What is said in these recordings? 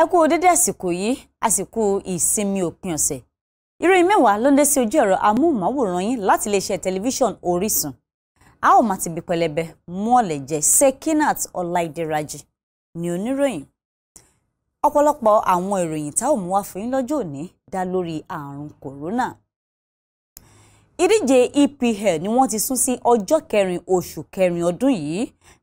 ẹ kú dédé àsìkò yìí àsìkò ìsinmi òpin ọ̀sẹ̀ ìròyìn mẹ́wàá ló ń dé sí ojú ẹ̀rọ amóhùnmáwòrán yín láti iléeṣẹ́ tẹlifíṣàn Orísun a ó máa ti bí pẹlẹbẹ mú ọ̀lẹ̀ jẹ́ Sekinat Ọláìdẹ́rajì ni oníròyìn ọ̀pọ̀lọpọ̀ àwọn ìròyìn tá ò mú wá fún yín lọ́jọ́ òní dá lórí àrùn kòrónà ìdíje EPL ni wọ́n ti sún sí ọjọ́ kẹrin oṣù kẹrin ọdún yìí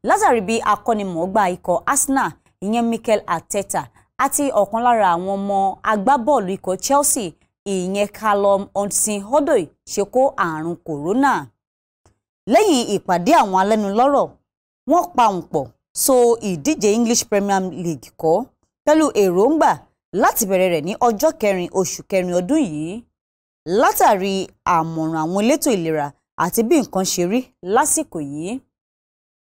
látàrí bí akọ́nimọ̀ọ́gbá ikọ̀ Arsenal ìyẹn Mikel Arteta àti ọ̀kan lára àwọn ọmọ agbábọ́ọ̀lù ikọ̀ Chelsea ìyẹn Callum Hudson-Odoi ṣe kó àrùn kòrónà lẹ́yìn ìpàdé àwọn alẹ́nulọ́rọ̀ wọ́n pa òun pọ̀ so ìdíje English Premier League kọ́ pẹ̀lú èròǹgbà láti bẹ̀rẹ̀ rẹ̀ ní ọjọ́ kẹrin oṣù kẹrin ọdún yìí látàrí àmọ̀ràn àwọn elétò ìlera àti bí nǹkan ṣe rí lásìkò yìí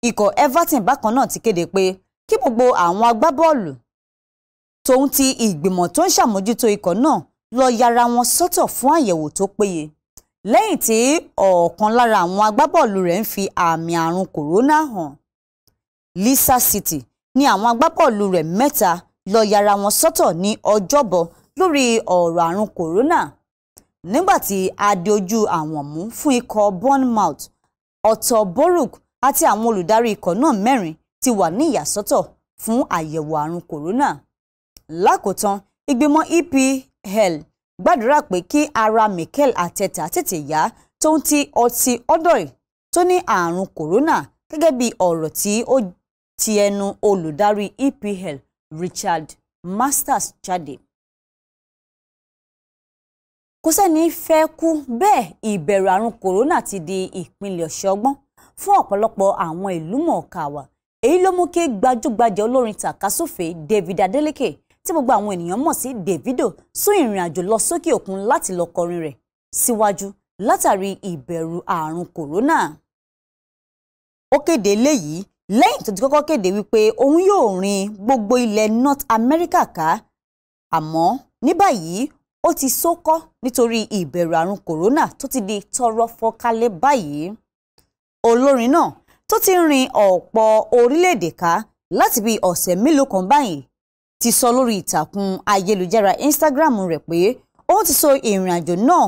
ikọ̀ Everton bákan náà ti kéde pé kí gbogbo àwọn agbábọ́ọ̀lù tòun ti ìgbìmọ̀ tó ń ṣàmójútó ikọ̀ náà lọ yára wọn sọ́tọ̀ fún àyẹ̀wò tó péye lẹ́yìn tí ọ̀kan lára àwọn agbábọ́ọ̀lù rẹ̀ ń fi àmì àrùn kòrónà hàn Lisa City ni àwọn agbábọ́ọ̀lù rẹ̀ mẹ́ta lọ yára wọn sọ́tọ̀ ní ọjọ́bọ̀ lórí ọ̀rọ̀ àrùn kòrónà nígbàtí adéojú àwọn mú fún ikọ̀ Bournemouth Otto Boruk àti àwọn olùdarí ikọ̀ náà mẹ́rin ti wà ní ìyàsọ́tọ̀ fún àyẹ̀wò àrùn kòrónà lákòótán ìgbìmọ̀ EPL gbàdúrà pé kí ara Mikel Arteta tètè yá tó ń ti ọtí ọdọì tó ní àrùn kòrónà gẹ́gẹ́ bí ọ̀rọ̀ tí ó ti ẹnu olùdarí EPL Richard Masters jáde kò sẹ́ni fẹ́ kú bẹ́ẹ̀ ìbẹ̀rù àrùn kòrónà ti di ìpínlẹ̀ ọ̀ṣọ́gbọ́n fún ọ̀pọ̀lọpọ̀ àwọn ìlú mọ̀ọ́ká wa èyí ló mú kí gbajúgbajà olórin tàkásùfé David Adeleke tí gbogbo àwọn ènìyàn mọ̀ sí Davido sún ìrìn àjò lọ sókè òkun láti lọ kọrin rẹ̀ síwájú látàrí ìbẹ̀rù àrùn kòrónà. ó kéde eléyìí lẹ́yìn tó ti kọ́kọ́ kéde wípé òun yóò rin gbogbo ilẹ̀ North America ká àmọ́ ní báyìí ó ti sókọ́ nítorí ìbẹ̀rù àrùn kòrónà tó ti di tọrọ fọ́nkálẹ̀ báyìí. olórin náà tó ti ń rin ọ̀pọ̀ orílẹ̀-èdè ká láti bí ọ̀sẹ̀ mélòó kan báyìí ti sọ lórí ìtàkùn ayélujára Instagram rẹ̀ pé òun ti so ìrìn àjò náà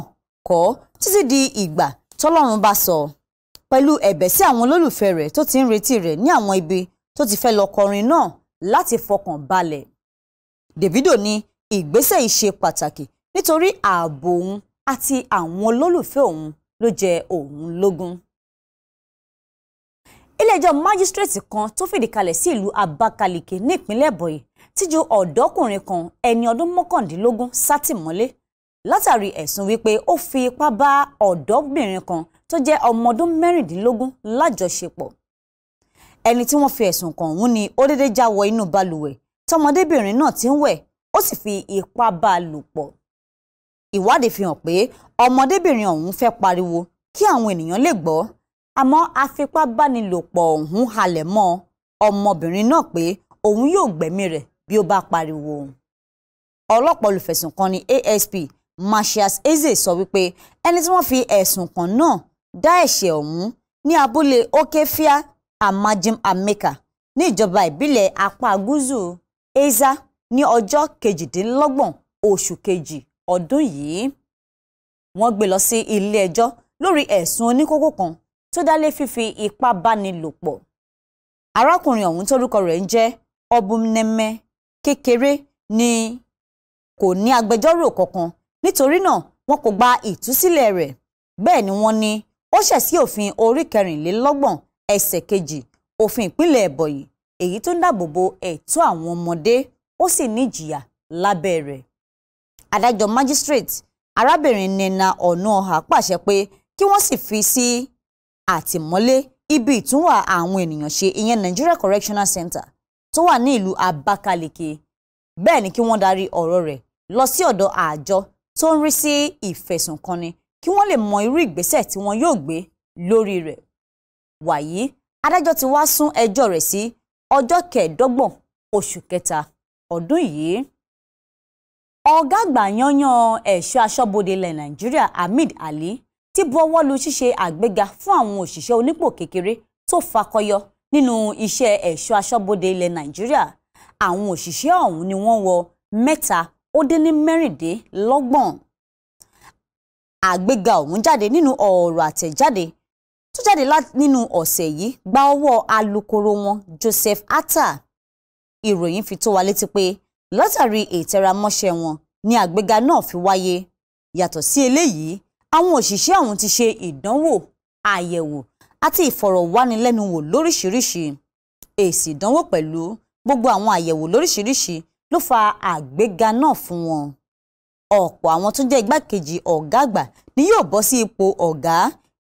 kọ́ títí di ìgbà tọ́lọ́run bá sọ pẹ̀lú ẹ̀bẹ̀ sí àwọn olólùfẹ́ rẹ̀ tó ti ń retí rẹ̀ ní àwọn ibi tó ti fẹ́ lọ kọrin náà láti fọkàn balẹ̀ Davido ní ìgbésẹ̀ yìí ṣe pàtàkì nítorí ààbò òun àti àwọn olólùfẹ́ òun ló jẹ òun lógún iléẹjọ́ májísírèètì kan tó fìdí kalẹ̀ sí ìlú Abakaliki nípínlẹ̀ Ebonyi ti ju ọ̀dọ́kùnrin kan ẹni ọdún mọ́kàndínlógún sátìmọ́lé látàrí ẹ̀sùn wípé ó fi ipá bá ọ̀dọ́bìnrin kan tó jẹ́ ọmọ ọdún mẹ́rìndínlógún lájọṣepọ̀ ẹni tí wọ́n fi ẹ̀sùn kàn ọ̀hún ni ó dédé já wọ inú balùwẹ̀ tọmọdébìnrin náà ti ń wẹ̀ ó sì fi ipá bá a lò pọ̀ ìwádìí fi hàn pé ọmọdébìnrin ọ̀hún fẹ́ pariwo kí àwọn ènìyàn lè gbọ́ àmọ́ afipábánilòpọ̀ ọ̀hún halẹ̀ mọ́ ọmọbìnrin náà pé òun yóò gbẹ̀mí rẹ̀ bí ó bá pariwo. ọlọ́pàá olùfẹ̀sùnkanni ASP Martius Eze sọ wípé ẹni tí wọ́n fi ẹ̀sùn kàn náà dá ẹ̀ṣẹ̀ ọ̀hún ní abúlé Okefia Amajim Ameka ní ìjọba ìbílẹ̀ apá gúúsù Eza ní ọjọ́ kejìdínlọ́gbọ̀n oṣù kejì ọdún yìí wọ́n gbé lọ sí ilé ẹjọ́ lórí ẹ̀sùn oníkókó kan tó dálé fífi ipá báni lò pọ̀ arákùnrin ọ̀hún tórúkọ rẹ̀ ń jẹ́ Obumneme Kékeré ni kò ní agbẹjọ́rò kankan nítorí náà wọn kò gba ìtúsílẹ̀ rẹ̀ bẹ́ẹ̀ ni wọ́n ní ó ṣẹ̀ sí òfin orí kẹrìnlélọ́gbọ̀n ẹsẹ̀ kejì òfin ìpínlẹ̀ Ẹ̀bọ̀yì èyí tó ń dáàbò bo ẹ̀tọ́ àwọn ọmọdé ó sì níjìyà lábẹ́ rẹ̀ adájọ́ magistrate arábìnrin Nena Onuoha pàṣẹ pé kí wọ́n sì fi sí àtìmọ́lé ibi ìtúnwà àwọn ènìyàn ṣe ìyẹn Nigeria Correctional Center tó wà ní ìlú Abakaliki bẹ́ẹ̀ ni kí wọ́n darí ọ̀rọ̀ rẹ̀ lọ sí ọ̀dọ̀ àjọ tó ń rí sí ìfẹ̀sùnkanni kí wọ́n lè mọ irú ìgbésẹ̀ tí wọ́n yóò gbé lórí rẹ̀ wàyí adájọ́ ti wá sún ẹjọ́ rẹ̀ sí ọjọ́ kẹẹ̀ẹ́dọ́gbọ̀n oṣù kẹta ọdún yìí ọ̀gá àgbà yanyan ẹ̀ṣọ́ aṣọ́bodè ilẹ̀ Nàìjíríà Ahmed Ali ti buọwọ́ lu ṣíṣe àgbéga fún àwọn òṣìṣẹ́ onípò kékeré tó fakọyọ nínú iṣẹ́ ẹ̀ṣọ́ aṣọ́bodè ilẹ̀ Nàìjíríà àwọn òṣìṣẹ́ ọ̀hún ni wọ́n wọ mẹ́ta ó dín ní mẹ́rìndínlọ́gbọ̀n àgbéga ọ̀hún jáde nínú ọ̀rọ̀ àtẹ̀jáde tó jáde nínú ọ̀sẹ̀ yìí gba ọwọ́ alukoro wọn Joseph Atta ìròyìn fi tó wa létí pé látàrí ìtẹramọ́ṣẹ́ wọn ni àgbéga náà fi wáyé yàtọ̀ sí eléyìí àwọn òṣìṣẹ́ ọ̀hún ti ṣe ìdánwò àyẹ̀wò àti ìfọ̀rọ̀wánilẹ́nuwò lóríṣiríṣi èsì ìdánwò pẹ̀lú gbogbo àwọn àyẹ̀wò lóríṣiríṣi ló fa àgbéga náà fún wọn ọ̀pọ̀ àwọn tó jẹ́ igbákejì ọ̀gá àgbà ni yóò bọ́ sí ipò ọ̀gá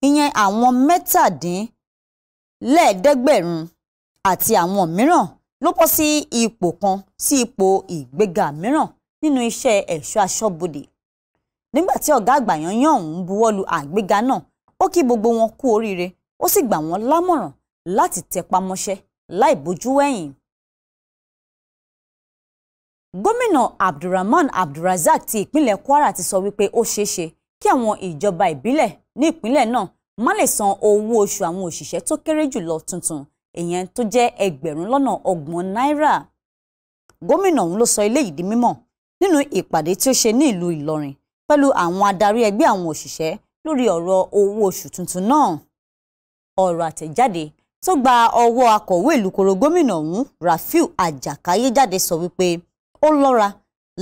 ìyẹn àwọn mẹ́tàdínlẹ́ẹ̀ẹ́dẹ́gbẹ̀rún àti àwọn mìíràn ló bọ́ sí ipò kan sí ipò ìgbéga mìíràn nínú iṣẹ́ ẹ̀ṣọ́ aṣọ́bodè nígbà tí ọ̀gá àgbà yanyan ọ̀hún buwọ́lu àgbéga náà ó kí gbogbo wọn kú oríire ó sì gbà wọ́n lámọ̀ràn láti tẹpá mọ́ṣẹ́ láì bojú wẹ̀yìn. gómìnà abdulrahman abdulrazak ti ìpínlẹ̀ kwara ti sọ wípé ó ṣeé ṣe kí àwọn ìjọba ìbílẹ̀ ní ìpínlẹ̀ náà má lè san owó oṣù àwọn òṣìṣẹ́ tó kéré jùlọ tuntun èèyàn tó jẹ́ ẹgbẹ̀rún lọ́nà ọgbọ̀n náírà. gómìnà ọ̀hún ló sọ eléyìí di mímọ̀ nínú ìpàdé tí ó ṣe ní ìlú ìlọrin pẹ̀lú àwọn adarí ẹgbẹ́ àwọn òṣìṣẹ́ lórí ọ̀rọ̀ owó oṣù tuntun náà ọ̀rọ̀ àtẹ̀jáde tó gba ọwọ́ akọ̀wé ìlúkoro gómìnà ọ̀hún Rafiu Àjàkáyé jáde sọ wípé ó lọ́ra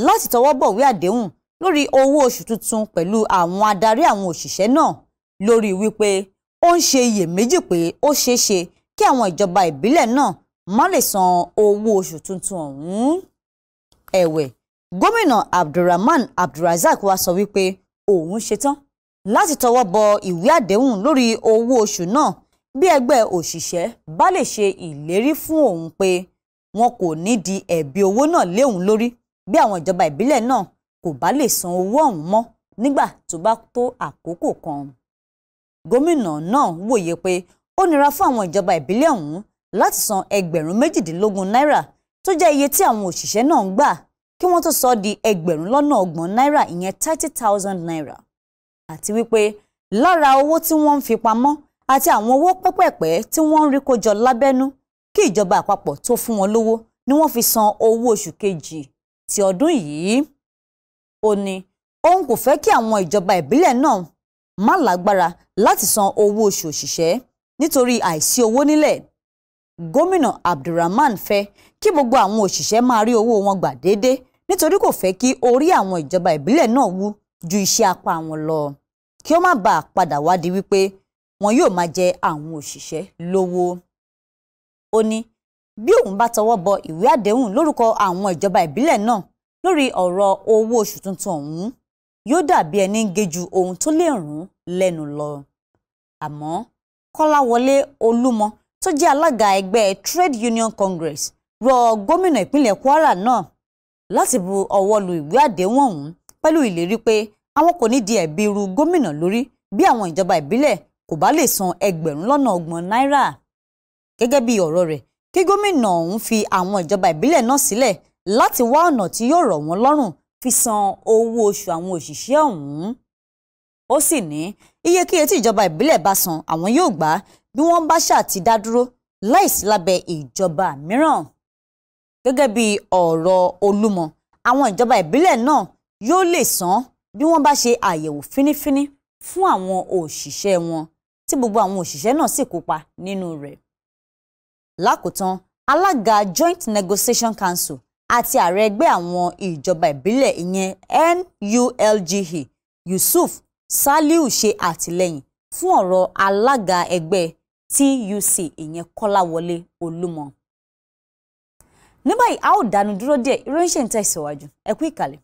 láti tọwọ́ bọ̀wé àdéhùn lórí owó oṣù tuntun pẹ̀lú àwọn adarí àwọn òṣìṣẹ́ náà lórí wípé ó ń ṣe iyèméjì pé ó ṣeé ṣe kí àwọn ìjọba ìbílẹ̀ náà má lè san owó oṣù tuntun ọ̀hún ẹ̀wẹ̀ gómìnà abdulrahman abdulrasaq wá sọ wípé òun ṣetán láti tọwọ́ bọ ìwé àdéhùn lórí owó oṣù náà bí ẹgbẹ́ òṣìṣẹ́ bá lè ṣe ìlérí fún òun pé wọn kò ní di ẹ̀bi owó náà lé òun lórí bí àwọn ìjọba ìbílẹ̀ náà kò bá lè san owó ọ̀hún mọ́ nígbà tó bá tó àkókò kan. gómìnà náà wòye pé ó nira fún àwọn ìjọba ìbílẹ̀ ọ̀hún láti san ẹgbẹ̀rún méjìdínlógún náírà tó jẹ́ iye tí àwọn òṣìṣẹ́ náà ń gbà kí wọ́n tó sọ ọ́ di ẹgbẹ̀rún lọ́nà ọgbọ̀n náírà ìyẹn thirty thousand naira àti wípé lára owó tí wọ́n ń fi pamọ́ àti àwọn owó pẹ́pẹ́pẹ́ tí wọ́n ń rí kójọ lábẹ́nú kí ìjọba àpapọ̀ tó fún wọn lówó ni wọ́n fi san owó oṣù kejì ti ọdún yìí ó ní òun kò fẹ́ kí àwọn ìjọba ìbílẹ̀ náà má lágbára láti san owó oṣù òṣìṣẹ́ nítorí àìsí owó nílẹ̀ gómìnà Abdulrahman fẹ́ kí gbogbo àwọn òṣìṣẹ́ máa rí owó wọn gbà déédéé nítorí kò fẹ́ kí orí àwọn ìjọba ìbílẹ̀ náà wú ju iṣẹ́ apá wọn lọ kí ó má bàa padà wá di wípé wọn yóò máa jẹ àwọn òṣìṣẹ́ lówó ó ní bí òun bá tọwọ́ bọ ìwé àdéhùn lórúkọ àwọn ìjọba ìbílẹ̀ náà lórí ọ̀rọ̀ owó oṣù tuntun ọ̀hún yóò dàbí ẹni ń gé ju ohun tó lè rún lẹ́nu lọ àmọ́ kọ́láwọlé olúmọ tó jẹ́ alága ẹgbẹ́ Trade Union Congress rọ gómìnà ìpínlẹ̀ Kwara náà láti bu ọwọ́ lu ìwé àdéhùn ọ̀hún pẹ̀lú ìlérí pé àwọn kò ní di ẹ̀bi irú gómìnà lórí bí àwọn ìjọba ìbílẹ̀ kò bá lè san ẹgbẹ̀rún lọ́nà ọgbọ̀n náírà gẹ́gẹ́ bí ọ̀rọ̀ rẹ̀ kí gómìnà ọ̀hún fi àwọn ìjọba ìbílẹ̀ náà sílẹ̀ láti wá ọ̀nà tí yóò rọ̀ wọ́n lọ́rùn fi san owó oṣù àwọn òṣìṣẹ́ ọ̀hún ó sì ní iyekíye tí ìjọba ìbílẹ̀ bá san àwọn yóò gbà bí wọ́n bá ṣáà láìsí lábẹ́ ìjọba mìíràn gẹ́gẹ́ bí ọ̀rọ̀ Olúmọ àwọn ìjọba ìbílẹ̀ náà yóò lè san bí wọ́n bá ṣe àyẹ̀wò fínífíní fún àwọn òṣìṣẹ́ wọn tí gbogbo àwọn òṣìṣẹ́ náà sì kópa nínú rẹ̀. lákòótán alága Joint Negotiation Council àti ààrẹ ẹgbẹ́ àwọn ìjọba ìbílẹ̀ ìyẹn NULGE Yusuf Saliu ṣe àtìlẹ́yìn fún ọ̀rọ̀ alága ẹgbẹ́ TUC ìyẹn Kọ́láwọlé Olúmọ ní báyìí a ó dánu dúró díẹ̀ ìròyìn ṣe ń tẹ̀síwájú ẹ kú ìkàlẹ̀.